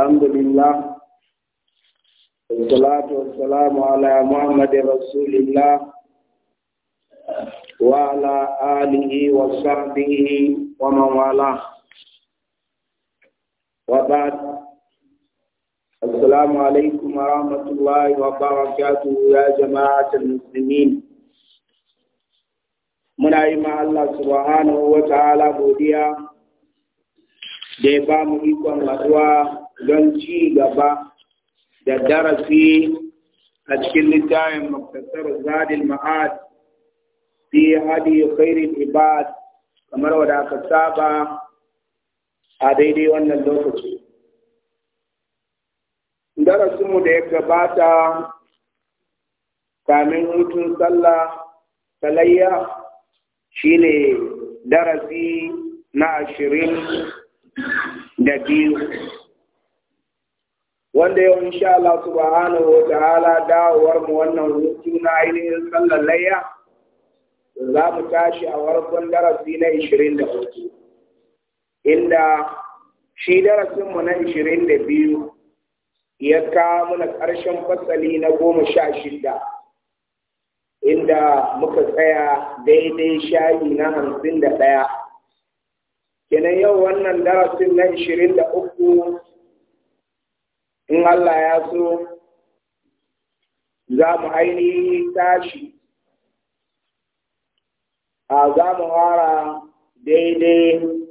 الحمد لله والصلاة والسلام على محمد رسول الله وعلى آله وصحبه ومن والاه وبعد السلام عليكم ورحمة الله وبركاته يا جماعة المسلمين muna yi ma Allah subhanahu wa ta'ala godiya da ya ba mu ikon haɗuwa don ci gaba da darasi a cikin littafin muktasar zadil ma'ad fi hadi khairul ibad kamar wadda aka saba a daidai wannan lokaci darasinmu da ya gabata kamin hutun sallah talayya shine darasi na ashirin da biyu wanda yau insha Allah subhanahu wa ta'ala dawowar mu wannan hutu na ainihin sallar layya za mu tashi a farkon darasi na 24 inda shi darasin mu na 22 ya kawo mana ƙarshen fasali na goma sha shida inda muka tsaya daidai shayi na hamsin da ɗaya kenan yau wannan darasin na ishirin da uku in Allah ya so za mu ainihi tashi a za mu fara daidai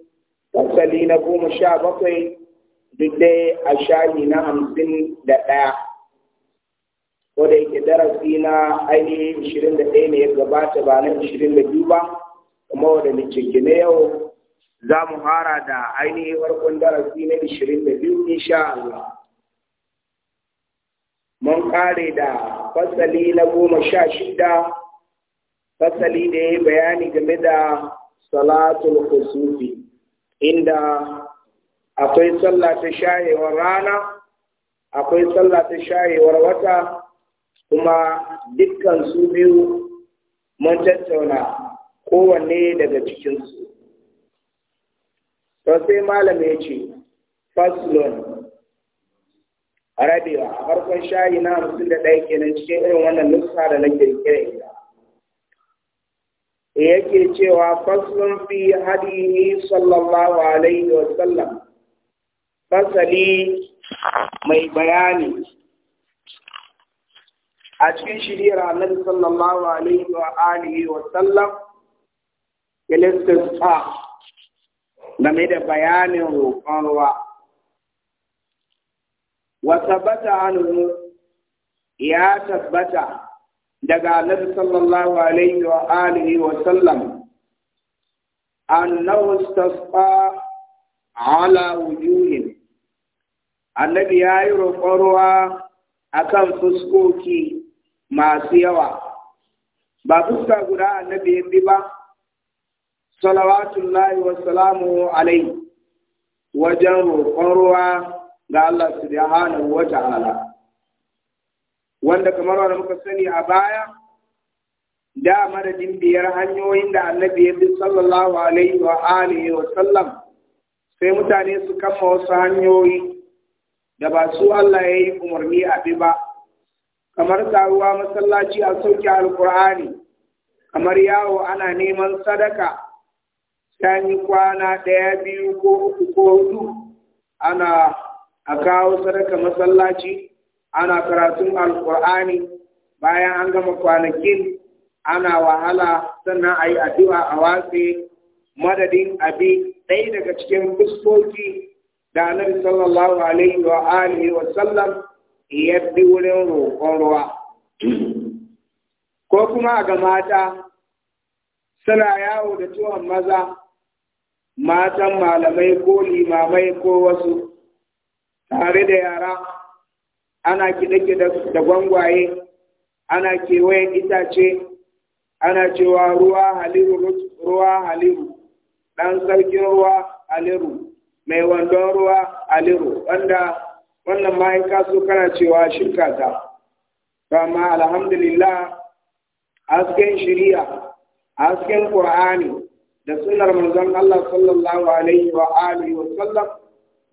fasali na goma sha bakwai duk dai a shani na hamsin da ɗaya ko da yake darasi na ainihin ishirin da ɗaya ne ya gabata ba na ishirin da biyu ba kuma wadda cikin yau za mu fara da ainihin farkon darasi na 22 insha Allah mun kare da fasali na goma sha shida fasali da ya bayani game da salatul kusufi inda akwai sallah ta shayewar rana akwai sallah ta shayewar wata kuma dukkan su biyu mun tattauna kowanne daga cikinsu to sai malam ya ce faslon rabewa a farkon shayi na hamsin da ɗaya kenan cikin irin wannan nusa da na kirkira ya yake cewa faslun fi hadihi sallallahu alaihi wa sallam fasali mai bayani a cikin shirya annabi sallallahu alaihi wa alihi wa sallam ilistisqa game da bayanin roƙon ruwa. Wasabbata hannu ya tabbata daga Annabi sallallahu alaihi wa alihi wa sallam annahu istasqa ala wujuhin Annabi ya yi roƙon ruwa akan fuskoki masu yawa ba fuska guda annabi ya bi ba salawatullahi wa salamu alai wajen roƙon ruwa ga Allah wata ala. wanda kamar wanda muka sani a baya da madadin biyar hanyoyin da annabi ya bi sallallahu alaihi wa alihi wa sallam sai mutane su kama wasu hanyoyi da ba su Allah ya yi umarni a bi ba kamar taruwa masallaci a sauƙi alkur'ani kamar yawo ana neman sadaka ta kwana ɗaya biyu ko uku ko hudu ana a kawo sadaka masallaci ana karatun alkur'ani bayan an gama kwanakin ana wahala sannan a yi addu'a a watse madadin abi ɗaya daga cikin fuskoki da annabi sallallahu alaihi wa alihi wa sallam ya bi wurin roƙon ruwa ko kuma ga mata suna yawo da tuwon maza matan malamai ko limamai ko wasu tare da yara ana kiɗe da gwangwaye ana kewayen itace ana cewa ruwa haliru ruwa haliru ɗan sarkin ruwa haliru mai wandon ruwa haliru wanda wannan ma'aika su kana cewa shirka ta amma alhamdulillah hasken shiriya hasken ƙur'ani da sunar manzon Allah sallallahu alaihi wa alihi wa sallam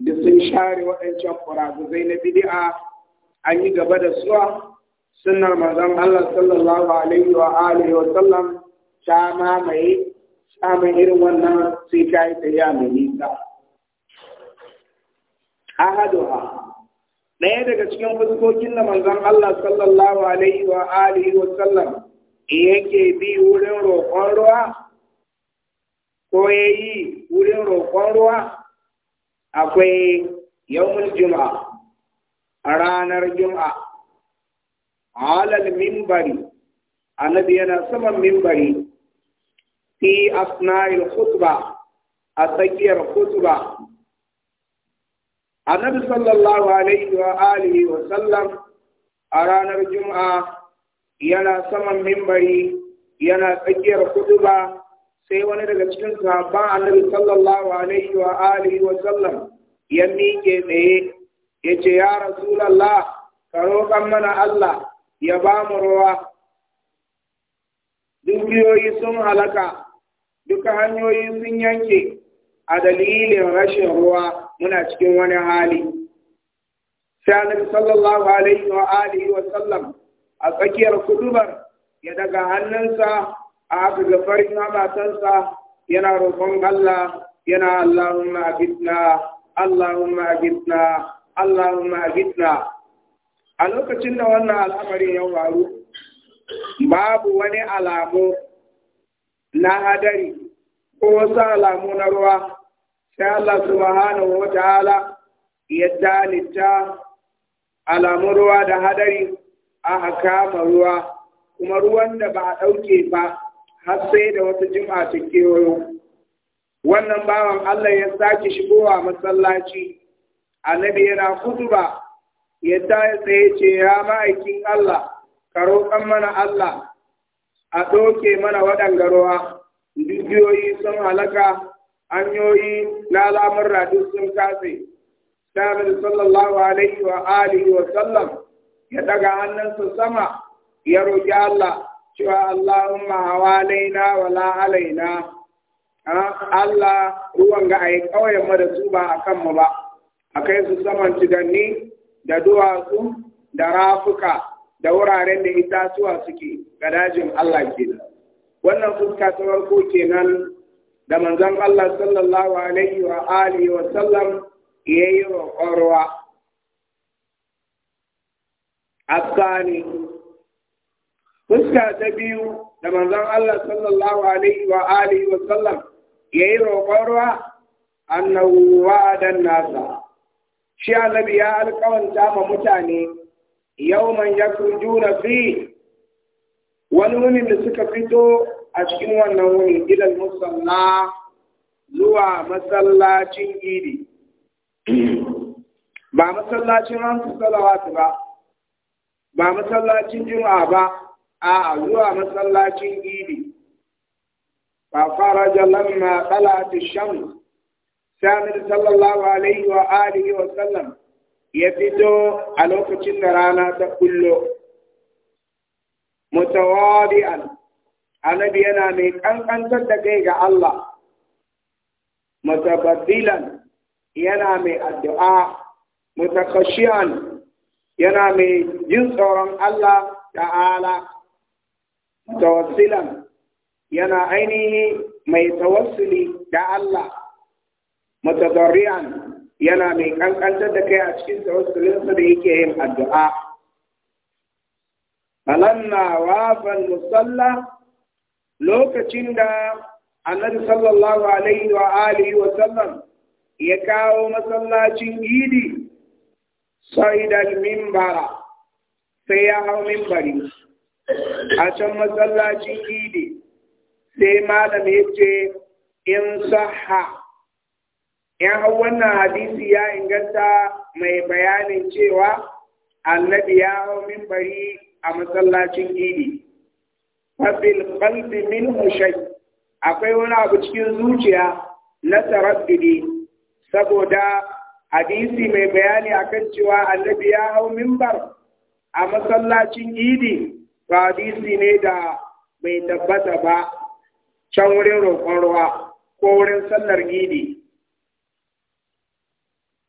da sun share waɗancan kuraguzai na bid'a an yi gaba da suwa sunar manzon Allah sallallahu alaihi wa alihi wa sallam ta mamaye samun irin wannan sai ta yi tafiya mai nisa ahaduha ɗaya daga cikin fuskokin da manzon Allah sallallahu alaihi wa alihi wa sallam yake bi wurin roƙon ruwa ko yi wurin roƙon ruwa akwai yawmul juma'a a ranar juma'a alal mimbari annabi yana saman mimbari fi asna'il khutba a tsakiyar khutba annabi sallallahu alaihi wa alihi wa sallam a ranar juma'a yana saman mimbari yana tsakiyar khutba sai wani daga cikin sahabban annabi sallallahu alaihi wa alihi wa sallam ya miƙe tsaye ya ce ya rasulallah ka roƙan mana Allah ya ba mu ruwa dukiyoyi sun halaka duka hanyoyi sun yanke a dalilin rashin ruwa muna cikin wani hali sai annabi sallallahu alaihi wa alihi wa sallam a tsakiyar kudubar ya daga hannunsa a ga farin matansa yana roƙon Allah yana Allahumma agitna Allahumma agitna Allahumma agitna a lokacin da wannan al'amarin ya faru babu wani alamu na hadari ko wasu alamu na ruwa sai Allah subhanahu wa ta'ala ya dalita alamun ruwa da hadari a haka ruwa kuma ruwan da ba a ɗauke ba har sai da wata jim'a ta kewayo wannan bawan Allah ya sake shigowa masallaci annabi yana kutuba ya ta tsaye ce ya ma'aikin Allah ka roƙan mana Allah a ɗauke mana waɗanga ruwa dukiyoyi sun halaka hanyoyi na alamun radu sun katse Nabi sallallahu alaihi wa alihi wa sallam ya daga hannunsa sama ya roƙi Allah cewa Allahumma hawalaina wala alaina Allah ruwan ga a yi mu da su ba akan mu ba akai su saman tudanni da duwatsu da rafuka da wuraren da itatuwa suke ga dajin Allah kenan wannan fuska ta farko kenan da manzon Allah sallallahu alaihi wa alihi wa sallam yayi roƙon Asa ne. fuska ta biyu da manzon Allah sallallahu alaihi wa alihi wa sallam yayi roƙon ruwa annahu wa'adan nasa shi annabi ya alƙawanta ma mutane yawman yakrujuna fi wani wuni da suka fito a cikin wannan wuni ilal musalla zuwa masallacin idi ba masallacin hansu salawatu ba ba masallacin juma'a ba a zuwa masallacin idi fara faraja na tsala ta shan sai sallallahu alaihi wa alihi wa sallam ya fito a lokacin da rana ta kullo mutawadi'an annabi yana mai kankantar da kai ga Allah mutabaddilan yana mai addu'a mutakashiyan yana mai yin tsoron Allah ta'ala tawassilan yana ainihi mai tawassuli da Allah matadariyan yana mai kankantar da kai a cikin tawassulinsa da yake yin addu'a falanna wafan musalla lokacin da annabi sallallahu alaihi wa alihi wa sallam ya kawo masallacin idi sai da mimbara sai ya hau mimbari a can masallacin idi sai malam ya ce in saha yan hau wannan hadisi ya inganta mai bayanin cewa annabi ya hau bari a masallacin idi fabil kalbi min hushai akwai wani abu cikin zuciya na taraddudi saboda hadisi mai bayani akan cewa annabi ya hau mimbar a masallacin idi ba hadisi ne da bai tabbata ba can wurin roƙon ruwa ko wurin sallar gidi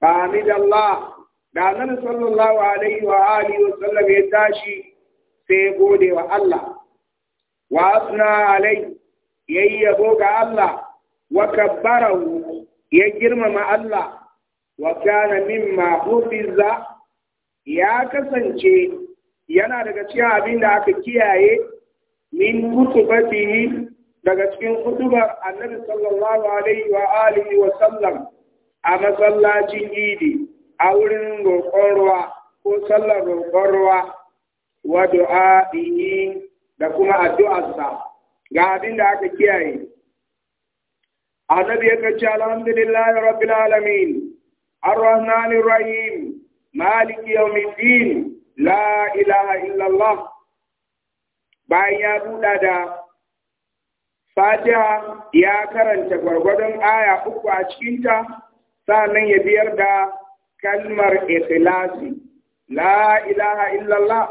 ba ni da nan sallallahu alaihi wa alihi wa sallam ya tashi sai gode wa Allah wa asna alai yayi yabo ga Allah wa kabbarahu ya girmama Allah wa kana mimma hufiza ya kasance yana daga cikin abin da aka kiyaye min kutubatihi daga cikin kutubar annabi sallallahu alaihi wa alihi wa sallam a masallacin idi a wurin roƙon ruwa ko sallar roƙon ruwa wa du'a'ihi da kuma addu'arsa ga abin da aka kiyaye annabi alhamdulillah ce alhamdulillahi rabbil alamin arrahmanir rahim maliki yawmiddin la ilaha illallah bayan ya buɗa da fatiha ya karanta gwargwadon aya uku a cikinta nan ya biyar da kalmar ikhlasi la ilaha illallah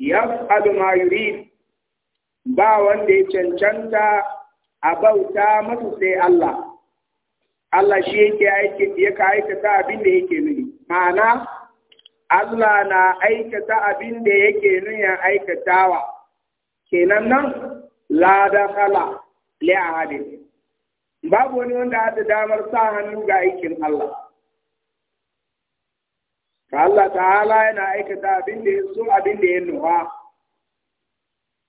yas'alu ma yurid ba wanda ya cancanta a bauta masa sai Allah Allah shi yake yake aikata abin da yake nuni ma'ana Allah na aikata abin da yake nuna aikatawa kenan nan la dakhala li babu wani wanda da damar sa hannu ga aikin Allah ka Allah ta'ala yana aikata abin da ya so abin da ya nuha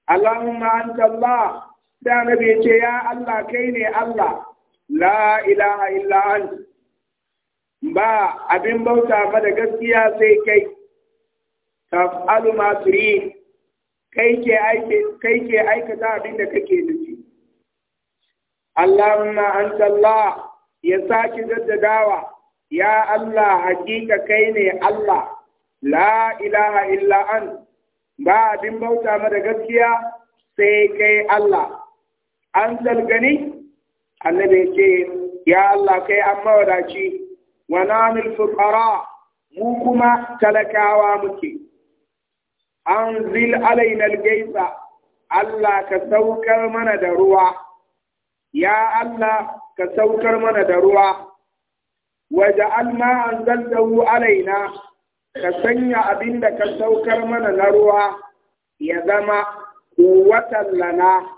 Allahumma anta Allah da nabi ce ya Allah kai ne Allah la ilaha illa anta ba abin bauta ba da gaskiya sai kai taf'alu ma turi kai ke aike kai ke aikata abin da kake nufi Allahumma anta Allah ya saki jaddadawa ya Allah hakika kai ne Allah la ilaha illa an ba abin bauta ma da gaskiya sai kai Allah an zalgani annabi ce ya Allah kai an wadaci. wa namil fuqara mu kuma talakawa muke anzil alaina al-gaisa Allah ka saukar mana da ruwa ya Allah ka saukar mana da ruwa Waje ma anzaltahu alaina ka sanya abinda ka saukar mana na ruwa ya zama kuwatan lana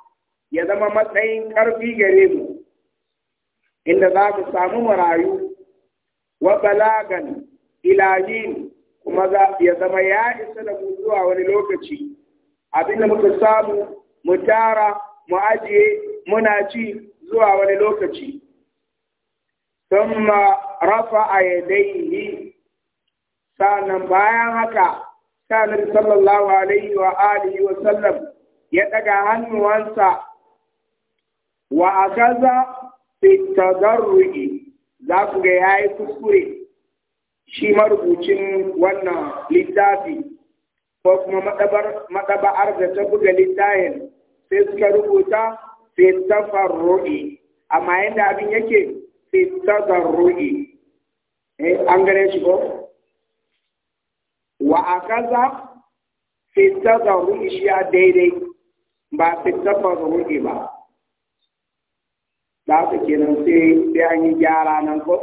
ya zama matsayin ƙarfi gare mu inda za mu samu marayu wa balagan ilahin kuma za ya zama ya isa da mu zuwa wani lokaci abinda muka samu mu tara mu ajiye muna ci zuwa wani lokaci thumma yi ni. sanan bayan haka sanar sallallahu alaihi wa alihi wa sallam ya daga hannuwansa wa akaza fi tadarrui za ku ga ya yi kuskure shi marubucin wannan littafi ko kuma maɗaba'ar da ta buga littafin sai suka rubuta fitafarru'i amma yadda abin yake fitafarru'i eh an gare shi ko wa akaza fitafarru'i shi a daidai ba fitafarru'i ba Za su kenan sai sai an yi gyara nan ko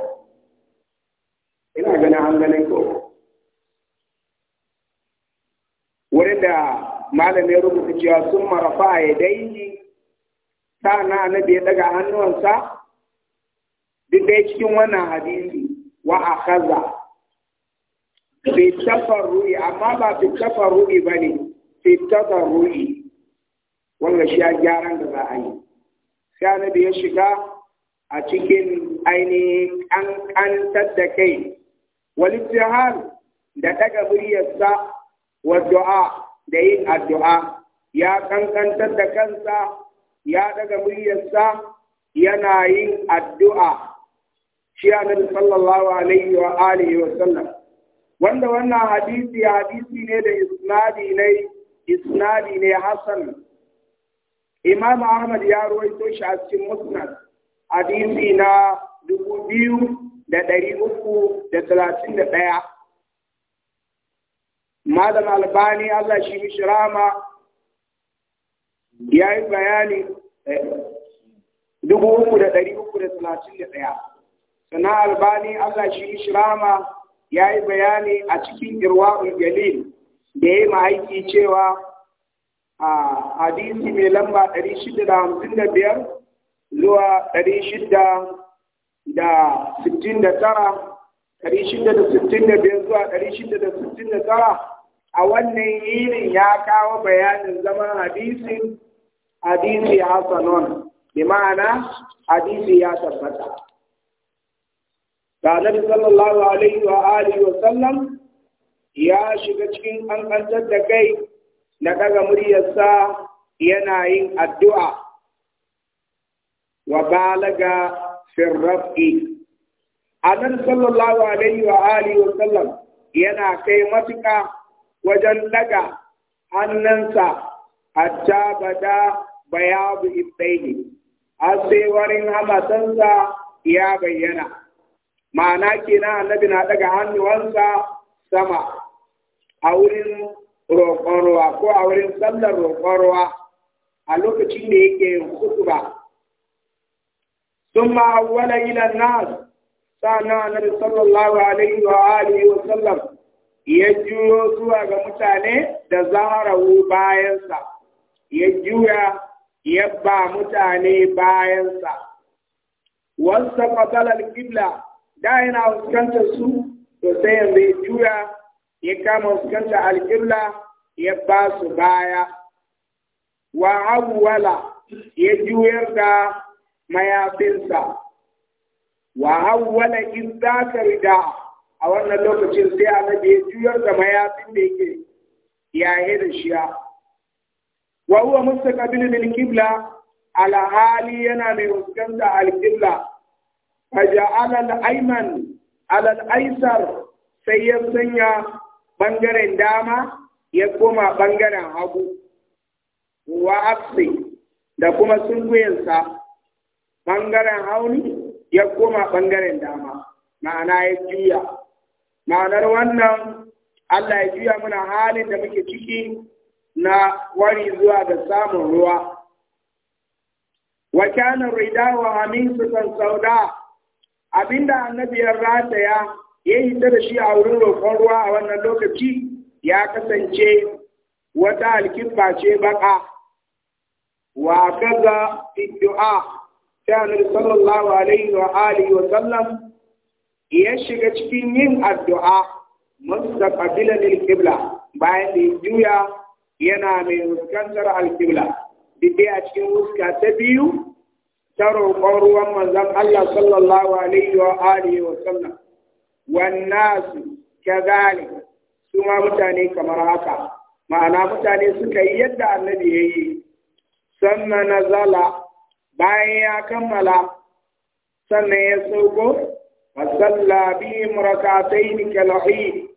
ina ganin an ganin ko wurin da malamin rubuta cewa sun marafa ya daini na na ya daga hannuwansa duk dai cikin wannan hadisi wa akhadha tafar tafarru'i amma ba fi ne, bane fi tafarru'i Wanda shi gyaran da za a yi sai ya shiga a cikin ainihin ƙanƙantar da kai walittihar da daga muryarsa wa du'a da yin addu'a ya ƙanƙantar da kansa ya daga muryarsa yana yin addu'a shi annabi sallallahu alaihi wa alihi wa sallam wanda wannan hadisi hadisi ne da isnadi ne isnadi ne hasan Imam Ahmad ya ruwaito shi a cikin Musnad hadisi na dubu biyu da ɗari uku da talatin da ɗaya. Malam Albani Allah shi ya yi bayani eh, dubu uku da ɗari uku da talatin da ɗaya. Sana Albani Allah shi ya yi bayani a cikin irwa'ul galil da ya yi ma'aiki cewa a hadisi mai lamba ɗari shida da hamsin da biyar zuwa ɗari shida da sittin da tara ɗari shida da sittin da biyar zuwa ɗari shida da sittin da tara a wannan yinin ya kawo bayanin zaman hadisin hadisi ya hasanon bi ma'ana hadisi ya tabbata da sallallahu alaihi wa alihi wa sallam ya shiga cikin an da kai na ɗaga muryarsa yana yin addu'a wa balaga firrafi. nan, sallallahu alaihi wa alihi wa sallam yana kai matuƙa wajen ɗaga hannunsa a bada bayabu ibtaini a sai hamasansa ya bayyana. Ma'ana kenan annabi na ɗaga hannuwansa sama a wurin Roƙarwa ko a wurin sallar roƙarwa a lokaci da yake ke yin kutu ba? Tumma wani na sa na nadi sallar labaran iri a al'adu yau sallar! Ya juyo zuwa ga mutane da zahra bayansa. Ya juya yabba mutane bayansa. Wasu matsalar Kibla da yana wasu kantin su sosai yanzu ya juya. ya kama fuskanta alƙibla ya ba su baya wa ya juyar da mayafinsa wa awwala in ka rida a wannan lokacin sai annabi ya juyar da mayafin da yake yaye da ya? wa huwa mustaqbil lil qibla ala hali yana mai fuskanta al qibla faja'ala al ayman ala al sai ya sanya ɓangaren dama ya koma ɓangaren hagu wa afsi da kuma sunguyensa ɓangaren hauni ya koma ɓangaren dama ma'ana ya juya ma'anar wannan Allah ya juya muna halin da muke ciki na wari zuwa ga samun ruwa wa ridawa rida wa hamisu sauda abinda annabi ya rataya ya yi da shi a wurin roƙon ruwa a wannan lokaci ya kasance wata alkifa ce baka wa kaza du'a ta annabi sallallahu alaihi wa alihi wa sallam ya shiga cikin yin addu'a qabila lil qibla bayan da juya yana mai fuskantar al-qibla dai a cikin fuska ta biyu ta roƙon ruwan manzon Allah sallallahu alaihi wa alihi wa sallam wannasu kazalik su ma mutane kamar haka ma'ana mutane suka yi yadda annabi ya yi sannan nazala bayan ya kammala sannan ya sauko fasalla bihim rakatayn kal'id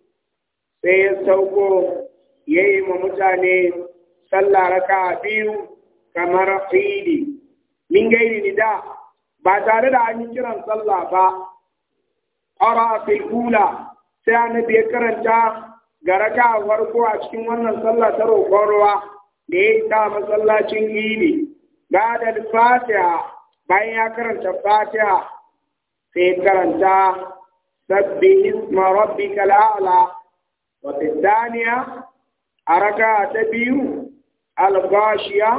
sai ya sauko yayi ma mutane sallah raka biyu kamar idi min gairi da. ba tare da an yi kiran sallah ba ara fil ula sai annabi ya karanta ga raka farko a cikin wannan sallah ta roƙon ruwa da ya ta masallacin ini ga da fatiha bayan ya karanta fatiha sai karanta sabbi isma rabbika al'ala wa tadaniya a raka ta biyu al-gashiya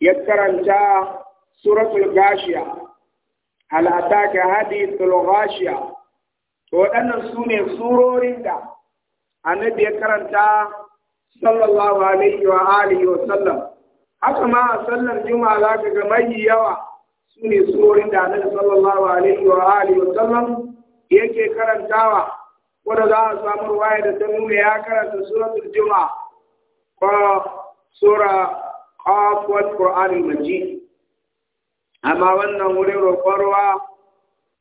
ya karanta suratul gashiya al ataka hadithul gashiya to waɗannan su ne surorin da annabi ya karanta sallallahu alaihi wa alihi wa sallam haka ma a sallar juma'a za ka ga mai yawa su ne surorin da annabi sallallahu alaihi wa alihi wa sallam yake karantawa wanda za a samu waye da ta nuna ya karanta suratul juma'a ko sura qaf wal qur'anul majid amma wannan wurin roƙon ruwa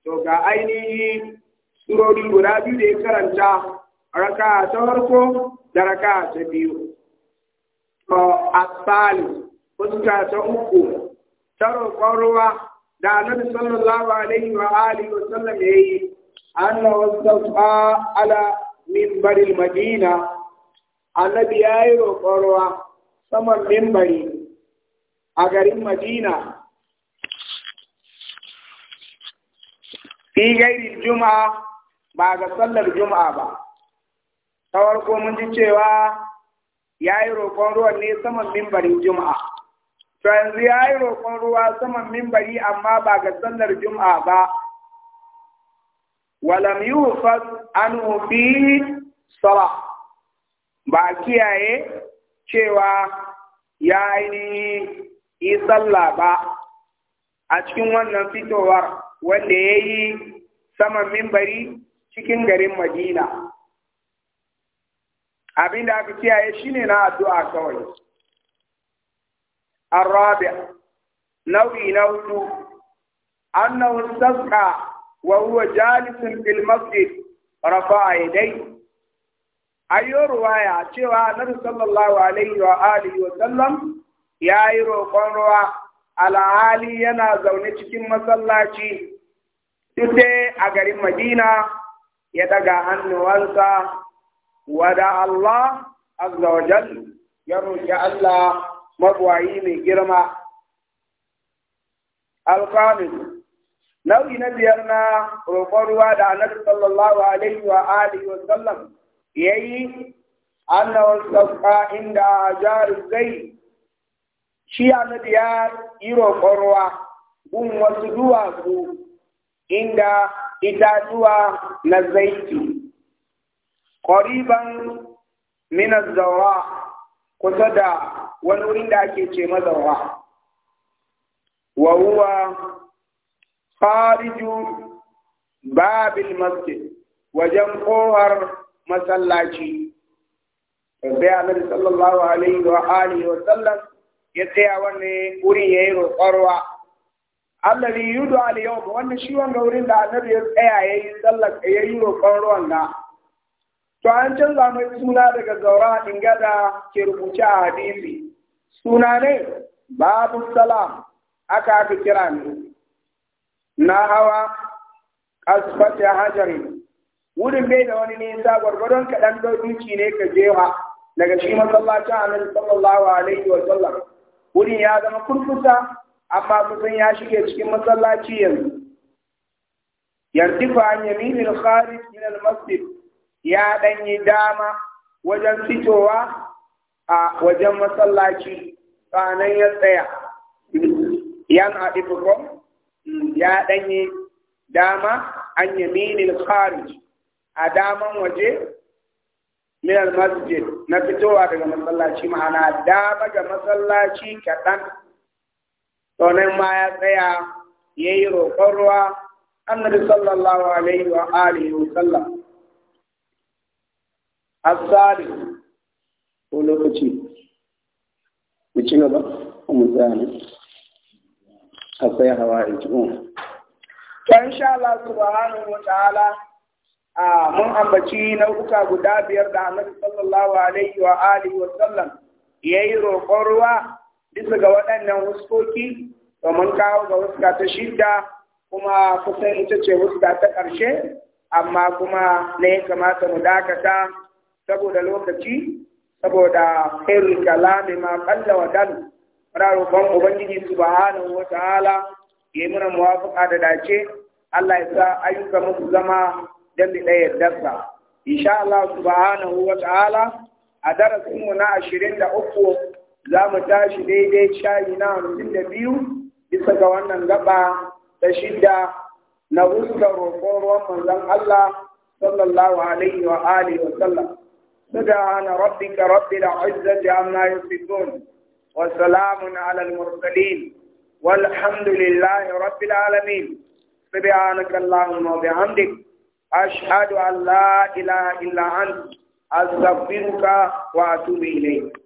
to ga ainihi surori guda biyu da ya karanta raka ta farko da raka ta biyu A tsali, fuska ta uku ta roƙon ruwa da annabi sallallahu alaihi wa alihi wa sallam yayi anna wasafa ala minbaril madina annabi yi roƙon ruwa saman minbari a garin madina fi gairi juma'a ba ga sallar juma'a ba ta farko mun ji cewa ya yi roƙon ruwan ne saman mimbarin juma'a to yanzu ya yi roƙon ruwa saman mimbari amma ba ga sallar juma'a ba walam yufas anhu fi sala ba kiyaye cewa ya ainihi yi sallah ba a cikin wannan fitowar wanda ya yi saman mimbari cikin garin Madina. Abin da aka kiyaye shi ne na addu'a kawai. Arabi, nau'i na hudu, annahu saska wa huwa jalisun fil masjid a yadai. Ayyo ruwaya cewa Annabi sallallahu alaihi wa alihi wa sallam ya yi roƙon ruwa alhali yana zaune cikin masallaci duk a garin Madina ya daga hannuwansa wada Allah azza wa jal ya roƙi Allah magwayi mai girma alƙalin nau'i na biyar na roƙon ruwa da annabi sallallahu alaihi wa alihi wa sallam ya yi annahu sauka inda a jaru gai shi annabi ya yi roƙon ruwa gun wasu duwatsu inda itatuwa na zaiti ƙoriban minas zaura kusa da wani wurin da ake ce mazaura. wawuwa huwa khariju babil masjid wajen kohar masallaci sai annabi sallallahu alaihi wa alihi wa sallam ya tsaya wuri ya yi roƙarwa alladhi yudu al yawm wannan shi wanda wurin da annabi ya tsaya yayi sallar yayi roƙon ruwan na. to an canza mai suna daga zaura ingada ke rubuce a hadisi suna ne babu salam aka aka kira ne na hawa asfata hajari wurin bai da wani nisa gwargwadon kaɗan dokinci ne ka jewa daga shi masallacin annabi sallallahu alaihi wa sallam wurin ya zama kurkusa amma mutum ya shige cikin masallaci yanzu yartifa an al kharij min al masjid ya dan yi dama wajen fitowa a wajen masallaci sanan ya tsaya yan adifukum ya dan yi dama an al kharij a daman waje min al masjid na fitowa daga masallaci ma'ana dama ga masallaci kaɗan to nan ma ya tsaya ya yi roƙon ruwa annabi sallallahu alaihi wa alihi wa sallam asali ko lokaci mu ci gaba mu tsaya ne akwai hawa in ci to insha Allah subhanahu wa ta'ala a mun ambaci nau'uka guda biyar da annabi sallallahu alaihi wa alihi wa sallam yayi roƙon ruwa bisa ga waɗannan huskoki domin kawo ga huska ta shidda kuma kusan ita ce huska ta ƙarshe amma kuma na ya kamata mu dakata saboda lokaci saboda kairu kalami ma ƙalla wa dan rarufan ubangiji subhanahu wa ta'ala ya yi mana muwafaqa da dace Allah ya sa ayyuka musu zama dan bi ɗaya dasa insha Allah subhanahu wa ta'ala a darasinmu na ashirin da uku. za mu tashi daidai shayi na hamsin da biyu bisa ga wannan gaba ta shidda na huskar roƙon ruwan manzon Allah sallallahu alaihi wa alihi wa sallam سبحان ربك رب العزة عما يصفون وسلام على المرسلين والحمد لله رب العالمين سبحانك اللهم وبحمدك أشهد أن لا إله إلا أنت أستغفرك وأتوب إليك